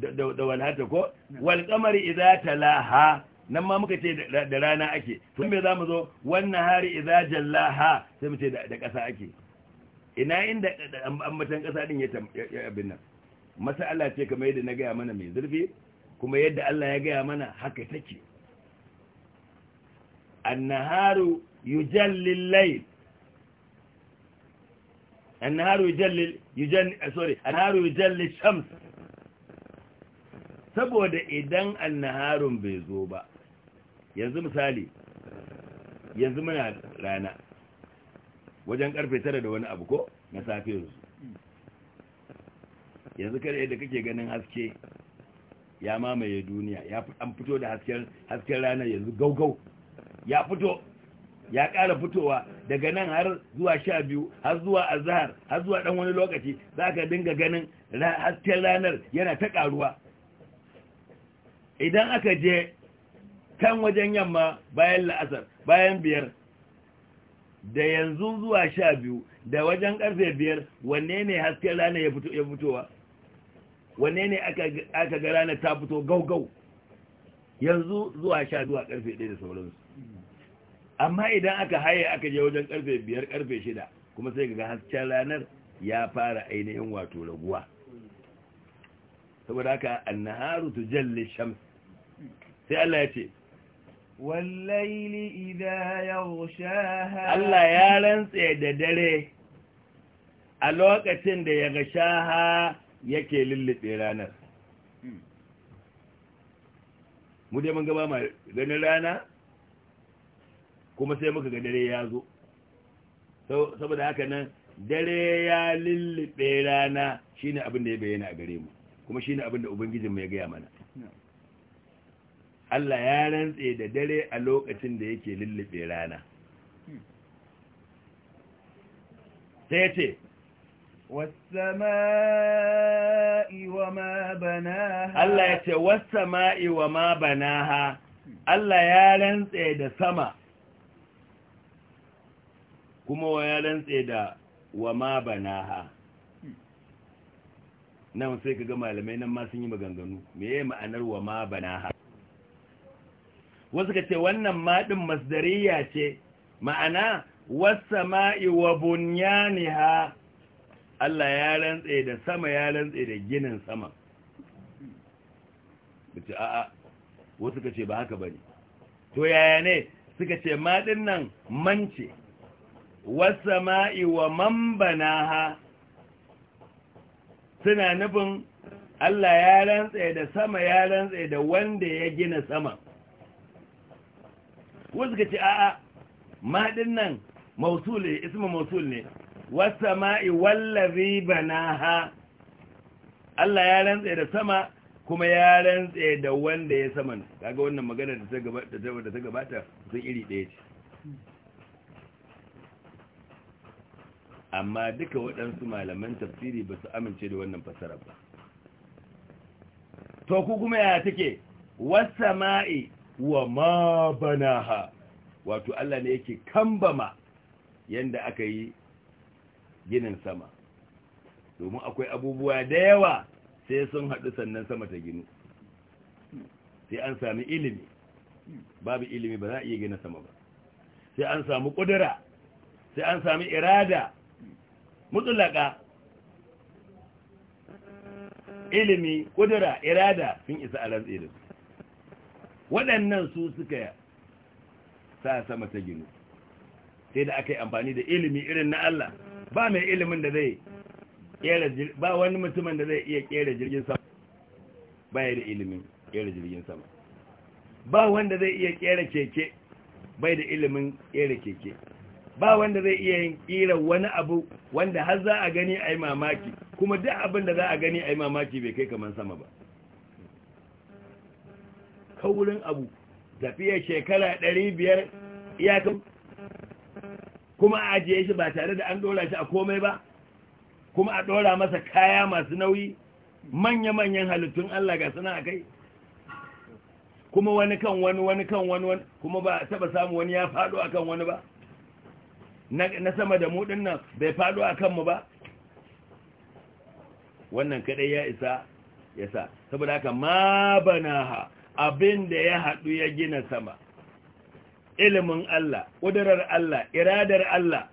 Speaker 1: da walhata ko wal qamari idza talaha nan ma muka ce da rana ake to me zamu zo wannan hari idza jallaha sai mu ce da ƙasa ake ina inda ambatan ƙasa din ya abin nan masala ce kamar yadda na gaya mana mai zurfi kuma yadda Allah ya gaya mana haka take annaharu yujallil layl annaharu yujallil yujallil sorry annaharu yujallil shams saboda idan annaharun bai zo ba yanzu misali yanzu muna rana wajen karfe tara da wani abu ko na safe su yanzu kada yadda kake ganin haske ya mamaye duniya ya an fito da hasken ranar yanzu gaugau ya fito ya ƙara fitowa daga nan har zuwa sha biyu har zuwa zahar, har zuwa ɗan wani lokaci za ka dinga ganin hasken ranar yana ta ƙaruwa idan aka je kan wajen yamma bayan la'asar bayan biyar da yanzu zuwa sha biyu da wajen karfe biyar wanne ne hasken rana ya fitowa wanne ne aka ga rana ta fito gaugau yanzu zuwa sha zuwa karfe ɗaya da sauransu amma idan aka haye aka je wajen karfe biyar karfe shida kuma sai ga hasken ranar ya fara ainihin wato raguwa saboda haka annaharu tujalli shams sai Allah ya ce wallaili idha yaghshaha
Speaker 2: Allah ya rantse da
Speaker 1: dare a lokacin da ya gashaha yake lullube ranar mu dai mun gaba ma ganin rana kuma sai muka ga dare ya zo saboda haka nan dare ya lullube rana shine abin da ya bayyana a gare mu kuma shine abin da ubangijin mu ya gaya mana Allah ya rantse da dare a lokacin da yake lullube rana sai ce wasama'i wa ma banaha Allah ya ce wasama'i wa ma banaha Allah ya rantse da sama kuma ya rantse da wa ma banaha nan sai ka ga malamai nan ma sun yi maganganu me ma'anar wa ma banaha wasu ka ce wannan maɗin masdariya ce ma'ana wasa ma'i wa bunyaniha Allah ya rantse da sama ya rantse da ginin sama bace a'a wasu ka ce ba haka ba ne. to yaya ne suka ce maɗin nan mance wasa ma'i wa ha suna nufin Allah ya rantse da sama ya rantse da wanda ya gina sama wasu ka ce a'a ma nan mausul ne ismu mausul ne wasa ma'i wallazi banaha Allah ya rantse da sama kuma ya rantsa da wanda ya saman kaga wannan magana da ta gabata sun iri ɗaya ce amma duka waɗansu malaman tafsiri ba su amince da wannan fassarar ba to ku kuma ya take wasa ma'i wa ma banaha wato Allah ne yake kambama yanda aka yi ginin sama domin akwai abubuwa da yawa sai sun haɗu sannan sama ta ginu sai an sami ilimi babu ilimi ba za a iya gina sama ba sai an sami ƙudura sai an sami irada mutulaka ilimi ƙudura irada sun isa a rantsi da su waɗannan su suka sa sama ta gini sai da aka yi amfani da ilimi irin na Allah ba mai ilimin da zai kera ba wani mutumin da zai iya kera jirgin sama ba ya da ilimin kera jirgin sama ba wanda zai iya kera keke bai da ilimin kera keke ba wanda zai iya yin kira wani abu wanda har za a gani a yi mamaki kuma duk abin da za a gani a yi mamaki bai kai kamar sama ba kaurin abu tafiya shekara 500 iyakan kuma a ajiye shi ba tare da an dora shi a komai ba kuma a dora masa kaya masu nauyi manya-manyan halittun Allah ga suna kai kuma wani kan wani wani kan wani kuma ba taba samu wani ya faɗo akan wani ba na sama da mu nan bai faɗo akan mu ba wannan kadai ya isa ya sa saboda haka ma ha abin da ya haɗu ya gina sama ilimin Allah ƙudurar Allah iradar Allah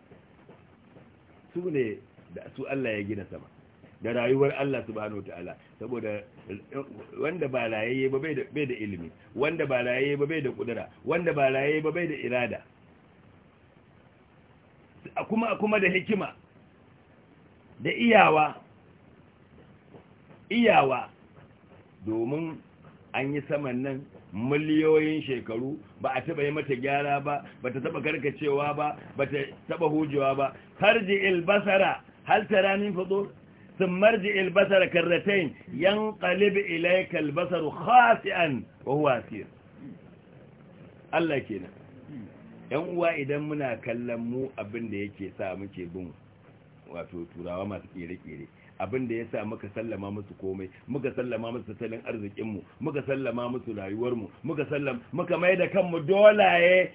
Speaker 1: su ne da su Allah ya gina sama da rayuwar Allah subhanahu ta'ala saboda wanda ba layaye ba bai da ilimi wanda ba layaye ba bai da ƙudura wanda ba layaye ba bai da irada kuma kuma da hikima da iyawa iyawa domin an yi saman nan miliyoyin shekaru ba a taba yi mata gyara ba ba ta taba karkacewa ba ba ta taba hujewa ba harji ilbasara hal tara min fudur ثم ارجع البصر كرتين ينقلب إليك البصر خاسئا وهو أسير Allah kenan ‘yan uwa idan muna kallon mu abin da yake sa muke bin wato turawa masu kere-kere abin da yasa muka sallama musu komai muka sallama musu tattalin arzikin mu muka sallama musu rayuwar mu muka sallama muka mai da kanmu dolaye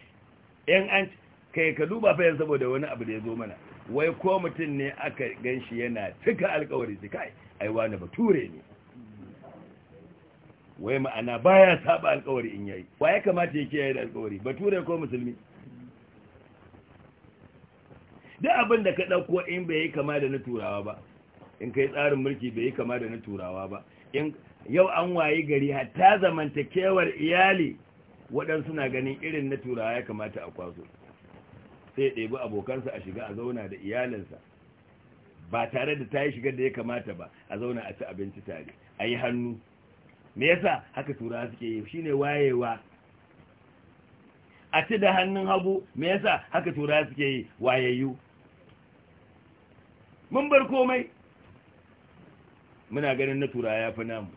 Speaker 1: yan an kai ka duba fa saboda wani abu da ya zo mana wai ko mutum ne aka ganshi yana cika alkawari shi kai ai wani bature ne wai ma'ana baya saba alkawari in yayi wa ya kamata yake yayi da alkawari bature ko musulmi duk abin da ka dauko in bai yi kama da na turawa ba in kai tsarin mulki bai yi kama da na turawa ba yau an wayi gari hatta zamantakewar iyali waɗansu na ganin irin na turawa ya kamata a kwaso sai ya ɗebi abokansa a shiga a zauna da iyalinsa ba tare da ta yi shigar da ya kamata ba a zauna a ci abinci tare a yi hannu me yasa haka turawa suke yi Shi ne wayewa a ci da hannun hagu me yasa haka turawa suke yi wayayyu mun bar komai muna ganin na tura ya fi namu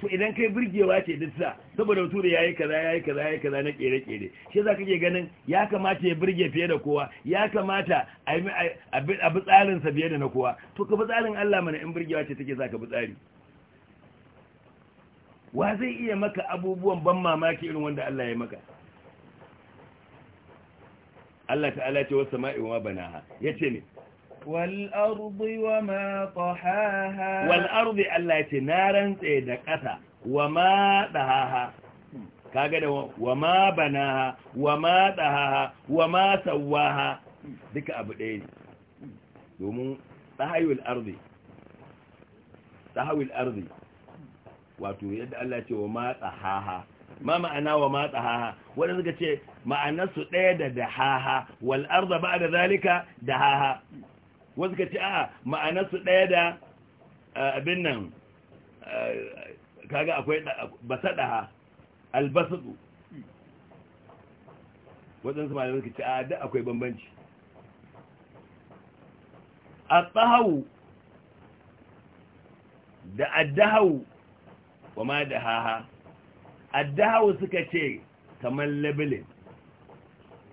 Speaker 1: to idan kai birgewa ce duk sa saboda bature yayi kaza yayi kaza yayi kaza na kere kere shi yasa kake ganin ya kamata ya birge fiye da kowa ya kamata a yi a bi tsarin sa fiye da na kowa to ka bi tsarin Allah mana in birgewa ce take ka bi tsari wa zai iya maka abubuwan ban mamaki irin wanda Allah ya maka Allah ta'ala ce wasu sama'i wa banaha yace ne والأرض وما طحاها والأرض التي نارا تدكتها وما دهاها kaga da wama banaha wama dahaha wama sawaha duka abu ɗaya ne domin tahayul ardi tahawul ardi wato yadda Allah ce wama dahaha ma ma'ana wa ma tsahaha wanda suka ce ma'anarsu ɗaya da dahaha wal ba da zalika dahaha wasu ka ce a ma'anarsu ɗaya da abin nan kaga akwai ɗaha, albasu waɗansu malamai ka ce a da akwai bambanci a tsahau da addahau wa ma da haha addahau suka ce kamar labilin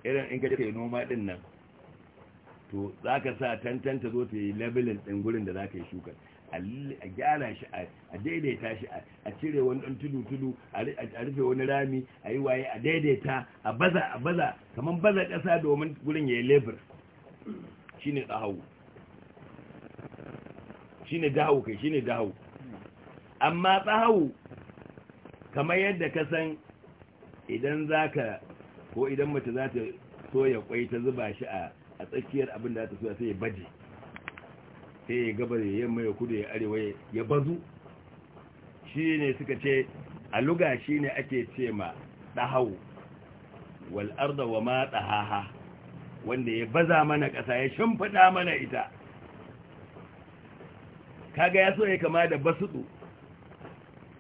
Speaker 1: irin in ka ce noma ɗin nan to za ka sa tantanta zo ta yi labelin ɗin gurin da za ka yi shukar a gyara shi a daidaita shi a cire wani ɗan tudu-tudu a rufe wani rami a yi waye a daidaita a baza a baza kamar baza ƙasa domin gurin ya yi lebur shi ne tsahawu shi ne dahawu kai shi ne dahawu amma tsahawu kamar yadda ka san idan za ka ko idan mace za ta soya kwai ta zuba shi a a tsakiyar abin da ta soya sai ya baje sai ya gabar ya yamma ya kudu ya arewa ya bazu shi ne suka ce a luga shi ne ake ce ma ɗahau da wa ma ɗahaha wanda ya baza mana ƙasa ya shimfiɗa mana ita kaga ya so ya kama da basuɗu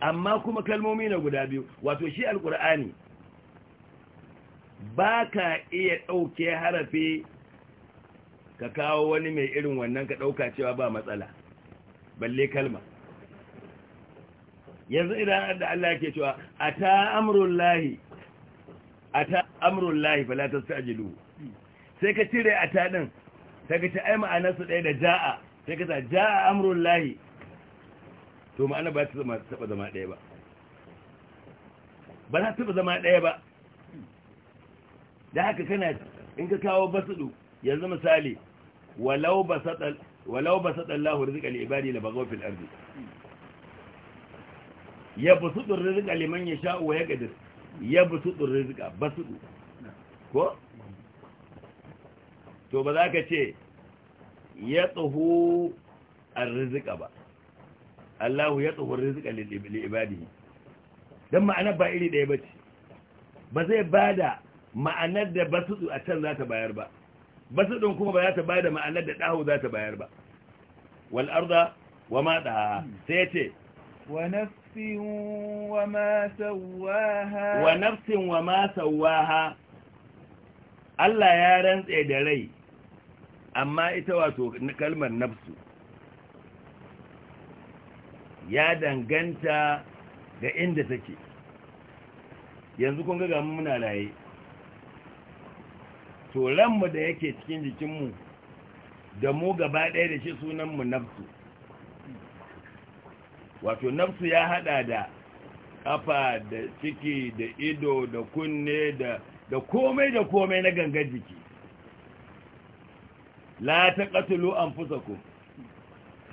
Speaker 1: amma kuma kalmomi na guda biyu wato shi alƙur'ani ba ka iya ɗauke harafi ka kawo wani mai irin wannan ka ɗauka cewa ba matsala balle kalma yanzu idan da Allah ke cewa a ta amurin lahi a ta amurin lahi falatar sajilu sai ka cire a ta ta ka ai ma'anarsu ɗaya da ja'a sai ka sa ja'a amurin lahi to ma'ana ba ta taɓa zama ɗaya ba ba ta taɓa zama ɗaya ba da haka kana in ka kawo ɗu yanzu misali walau basata walau basata Allahu rizqa li ibadi la baghaw fil ardi busudur rizqa liman yasha'u wa yaqdir busudur rizqa basutu ko to ba za ka ce ya tsohu arzika ba Allahu ya tsohu arzika li Ibadi. don ma'anar ba iri ɗaya ba ce ba zai ba da ma'anar da ba a can za ta bayar ba basu ɗin kuma ba za ta da ma'anar da ɗahu za ta bayar ba wal arda wa ma sai ya ce wa nafsin wa ma sawaha Allah ya rantse da rai amma ita wato kalmar nafsu ya danganta ga inda take yanzu kun ga muna raye to ranmu da yake cikin jikinmu da mu gaba ɗaya da shi sunanmu nafsu wato nafsu ya haɗa da ƙafa da ciki da ido da kunne da da komai da komai na gangar jiki la ta katulu an fusa ku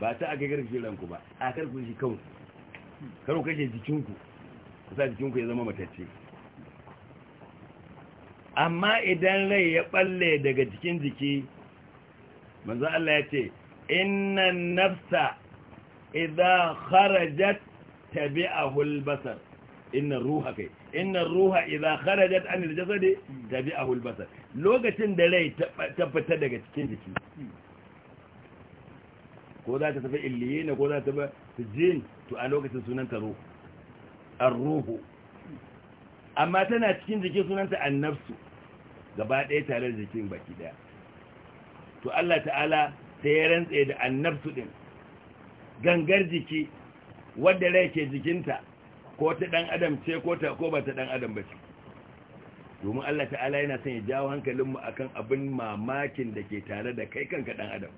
Speaker 1: ba ta aka shi ranku ba a karfi shi kawai karo kashe jikinku kusa jikinku ya zama matacce amma idan rai ya balle daga cikin jiki manzo Allah ya ce inna nafsa idza kharajat tabi'ahu albasar basar inna ruha kai inna ruha idza kharajat an al tabi'ahu albasar lokacin da rai ta fita daga cikin jiki ko za ta tafi illiyina ko za ta tafi jin to a lokacin sunanta ruhu ar-ruhu amma tana cikin jikin sunanta annafsu gaba ɗaya tare da jikin baki ɗaya to Allah ta'ala sai ya rantse da annafsu ɗin gangar jiki wadda rai ke jikinta ko ta ɗan adam ce ko ta ko ba ta ɗan adam ba ce domin Allah ta'ala yana son ya jawo hankalinmu akan abin mamakin da ke tare da kai kanka ɗan adam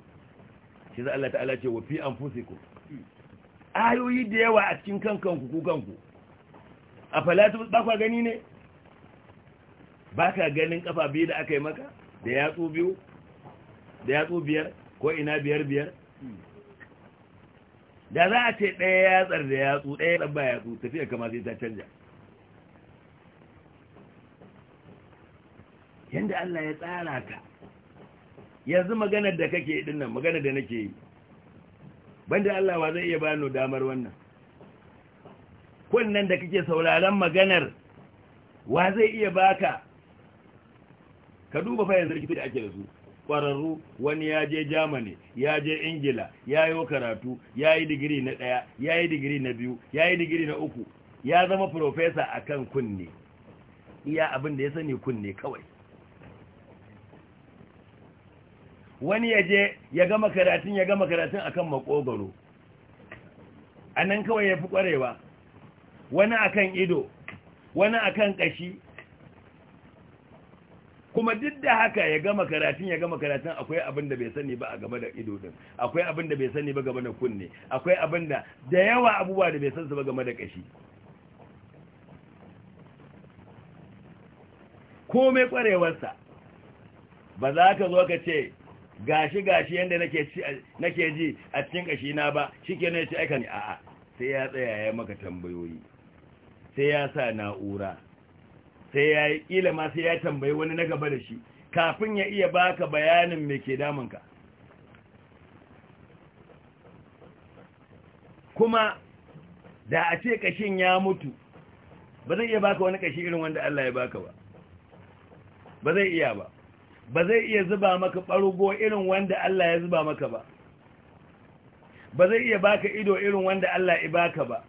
Speaker 1: shi za Allah ta'ala ce wa fi anfusikum ayoyi da yawa a cikin kankanku ku kanku a falatu ba kwa gani ne ba ka ganin kafa biyu da aka yi maka da yatsu biyu da yatsu biyar ko ina biyar biyar da za a ce ɗaya yatsar da yatsu ɗaya ɗan ba yatsu tafiya kama sai ta canja yadda Allah ya tsara ka yanzu maganar da kake yi dinnan maganar da nake yi banda Allah wa zai iya bani damar wannan kunnan da kake sauraron maganar wa zai iya baka ka duba fayin sarki da ake da su Kwararru, wani ya je germany ya je ingila ya yi karatu ya yi digiri na ɗaya ya yi digiri na biyu ya yi digiri na uku ya zama profesa a kan kunne iya abin da ya sani kunne kawai wani ya je ya gama karatun ya gama karatun akan makogaro a nan kawai ya fi kwarewa. wani akan ido wani akan kashi kuma duk da haka ya gama karatun ya gama karatun akwai abin da bai sani ba a game da ido din akwai abin da bai sani ba game da kunne akwai abin da da yawa abubuwa da bai san su ba game da kashi komai kwarewarsa ba za ka zo ka ce gashi gashi yadda nake ji a cikin kashi na ba shi ke ne ce aika a'a sai ya tsaya ya maka tambayoyi sai ya sa na'ura sai ya yi ƙila ma sai ya tambayi wani na gaba da shi kafin ya iya baka bayanin me ke damunka kuma da a ce kashin ya mutu ba zai iya baka wani kashi irin wanda Allah ya baka ba ba zai iya ba ba zai iya zuba maka ɓargo irin wanda Allah ya zuba maka ba ba zai iya baka ido irin wanda Allah ya baka ba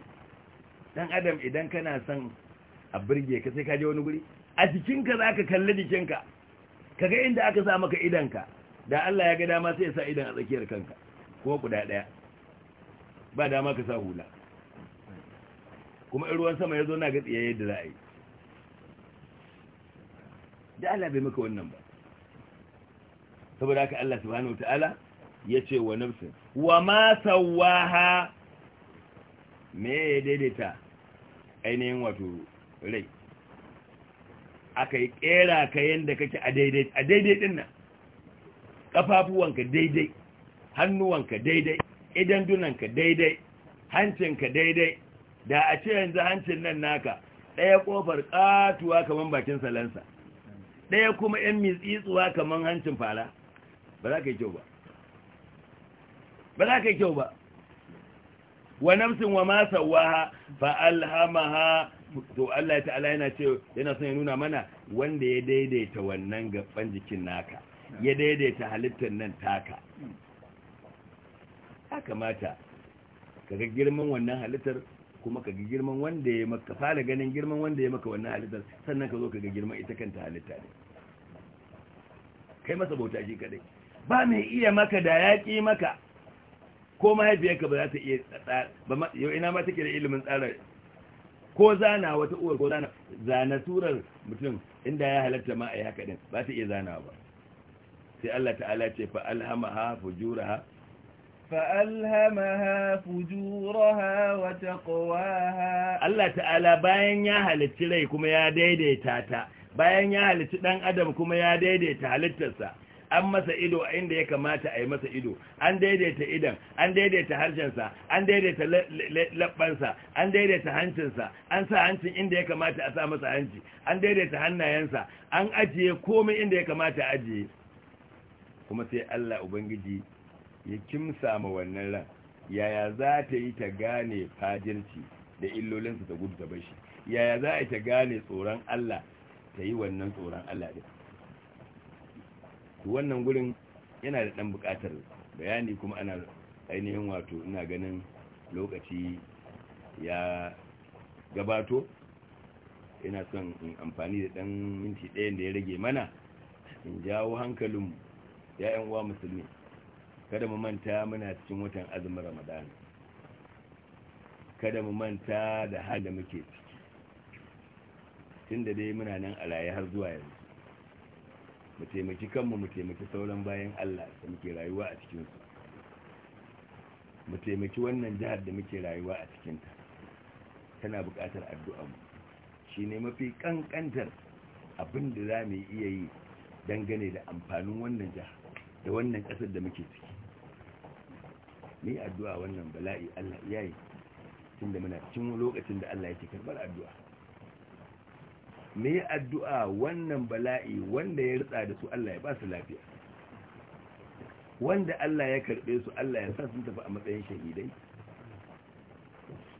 Speaker 1: dan adam idan kana son a birge ka sai ka je wani guri a jikinka za ka kalli jikinka ka ga inda aka sa maka idanka da Allah ya ga dama sai ya sa idan a tsakiyar kanka ko guda ɗaya ba dama ka sa hula kuma in ruwan sama ya zo na ga tsiyayye da za a yi da Allah bai maka wannan ba saboda haka Allah subhanahu wa ta'ala ya ce wa nafsin wa ma sawaha me ya daidaita ainihin wato rai aka yi kera ka yadda kake a daidai a daidai din nan kafafuwanka daidai hannuwanka daidai idan dunanka daidai hancinka daidai da a ce yanzu hancin nan naka ɗaya ƙofar ƙatuwa kamar bakin salansa ɗaya kuma ‘yan mitsitsuwa kamar hancin fara ba za ka yi kyau ba ba za ka yi kyau ba wa nafsin wa ma sawaha fa alhamaha to Allah ta'ala yana ce yana son ya nuna mana wanda ya daidaita wannan gaban jikin naka ya daidaita halittar nan taka ya kamata kaga girman wannan halittar kuma kaga girman wanda ya maka fara ganin girman wanda ya maka wannan halittar sannan ka zo kaga girman ita kanta halitta ne kai masa bauta shi kadai ba mai iya maka da yaƙi maka ko mahaifiyarka ba za ta iya tsada ba yau ina ma take da ilimin tsara ko zana wata uwar ko zana zana surar mutum inda ya halatta ma a yi haka din ba ta iya zana ba sai Allah ta'ala ce fa alhamaha fujuraha fa alhamaha fujuraha wa taqwaha Allah ta'ala bayan ya halicci rai kuma ya daidaita ta bayan ya halicci dan adam kuma ya daidaita halittarsa an masa ido a inda ya kamata a yi masa ido an daidaita idan an daidaita harshensa an daidaita labbansa an daidaita hancinsa an sa hancin inda ya kamata a sa masa hanci an daidaita hannayensa an ajiye komai inda ya kamata a ajiye kuma sai Allah Ubangiji ya kimsa ma wannan ran yaya za ta yi ta gane fajirci da illolinsa ta gudu ta bashi yaya za ta gane tsoron Allah ta yi wannan tsoron Allah din to wannan gurin yana da dan bukatar bayani kuma ana ainihin wato ina ganin lokaci ya gabato ina son in amfani da dan minti ɗayan da ya rage mana in jawo hankalin ya'yan uwa musulmi kada mu manta muna cikin watan azumin ramadan kada mu manta da hada muke ciki tunda dai muna nan a raye har zuwa yanzu mu taimaki kanmu mu taimaki sauran bayan Allah da muke rayuwa a cikinsu mu taimaki wannan jihar da muke rayuwa a cikinta tana buƙatar addu'anmu shi ne mafi ƙanƙantar abin da za mu iya yi dangane da amfanin wannan jihar da wannan ƙasar da muke ciki ni addu'a wannan bala'i Allah yi tun da muna cikin lokacin da Allah yake karɓar addu'a mu yi addu'a wannan bala'i wanda ya rutsa da su Allah ya ba su lafiya wanda Allah ya karɓe su Allah ya sa sun tafi a matsayin shahidai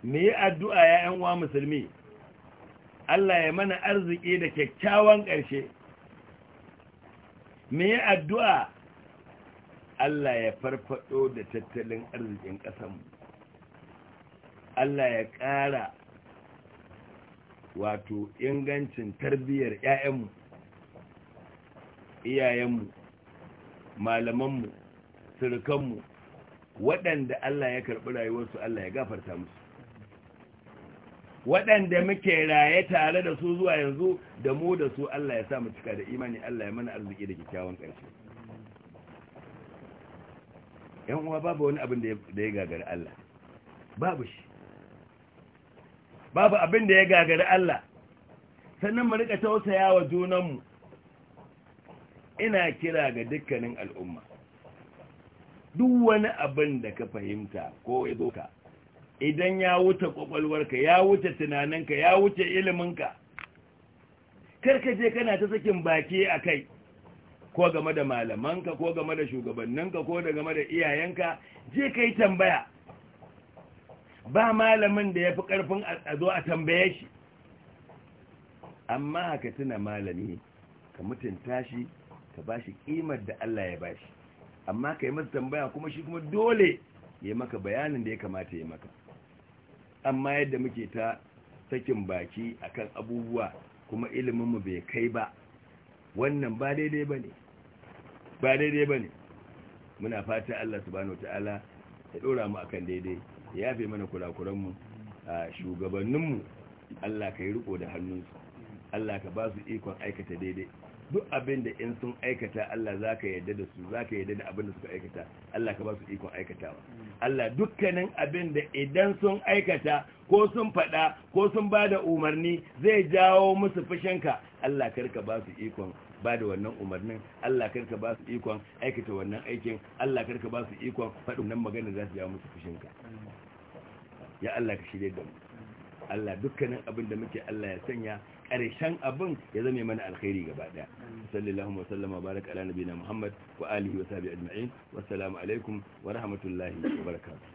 Speaker 1: mu yi addu'a ya wa musulmi Allah ya mana arziki da kyakkyawan ƙarshe mu yi addu'a Allah ya farfado da tattalin arzikin ƙasanmu Allah ya ƙara wato ingancin tarbiyyar 'ya'yanmu iyayenmu malamanmu surukanmu waɗanda Allah ya karɓi rayuwarsu Allah ya gafarta musu waɗanda muke raye tare da su zuwa yanzu da mu da su Allah ya sa mu cika da imani Allah ya mana arziki da kyakkyawan ƙarshe yan uwa babu wani abin da ya gagari Allah babu shi babu abin da ya gagari Allah sannan mu rika tausaya wa junanmu ina kira ga dukkanin al'umma duk wani abin da ka fahimta ko ya ka idan ya wuce kwakwalwarka ya wuce tunaninka ya wuce iliminka je kana ta sakin baki a kai ko game da malamanka ko game da shugabanninka ko game da iyayenka je ka yi tambaya ba malamin da ya fi ƙarfin a a tambaye shi amma ka tuna malami ka mutunta shi ka ba shi ƙimar da Allah ya ba shi amma ka yi masa tambaya kuma shi kuma dole ya maka bayanin da ya kamata ya maka amma yadda muke ta sakin baki akan abubuwa kuma iliminmu bai kai ba wannan ba daidai ba ne ba daidai ba ne muna fata Allah subhanahu wa ta'ala ya ɗora mu akan daidai ya fi mana kurakuranmu a shugabanninmu Allah ka yi riko da hannunsu Allah ka ba su ikon aikata daidai duk abin da in sun aikata Allah za ka yarda da su za ka yarda da abin da suka aikata Allah ka ba su ikon aikatawa Allah dukkanin abin da idan sun aikata ko sun faɗa ko sun ba da umarni zai jawo musu fushinka Allah karka ba su ikon ba da wannan umarnin Allah karka ba su ikon aikata wannan aikin Allah karka ba su ikon faɗin nan magana za su jawo musu fushinka ya Allah ka shirye da mu Allah dukkanin abin da muke Allah ya sanya ƙarshen abin ya zame mana alkhairi gaba daya sallallahu wa sallama baraka ala nabiyina muhammad wa alihi wa sahbihi ajma'in wassalamu alaikum wa rahmatullahi wa barakatuh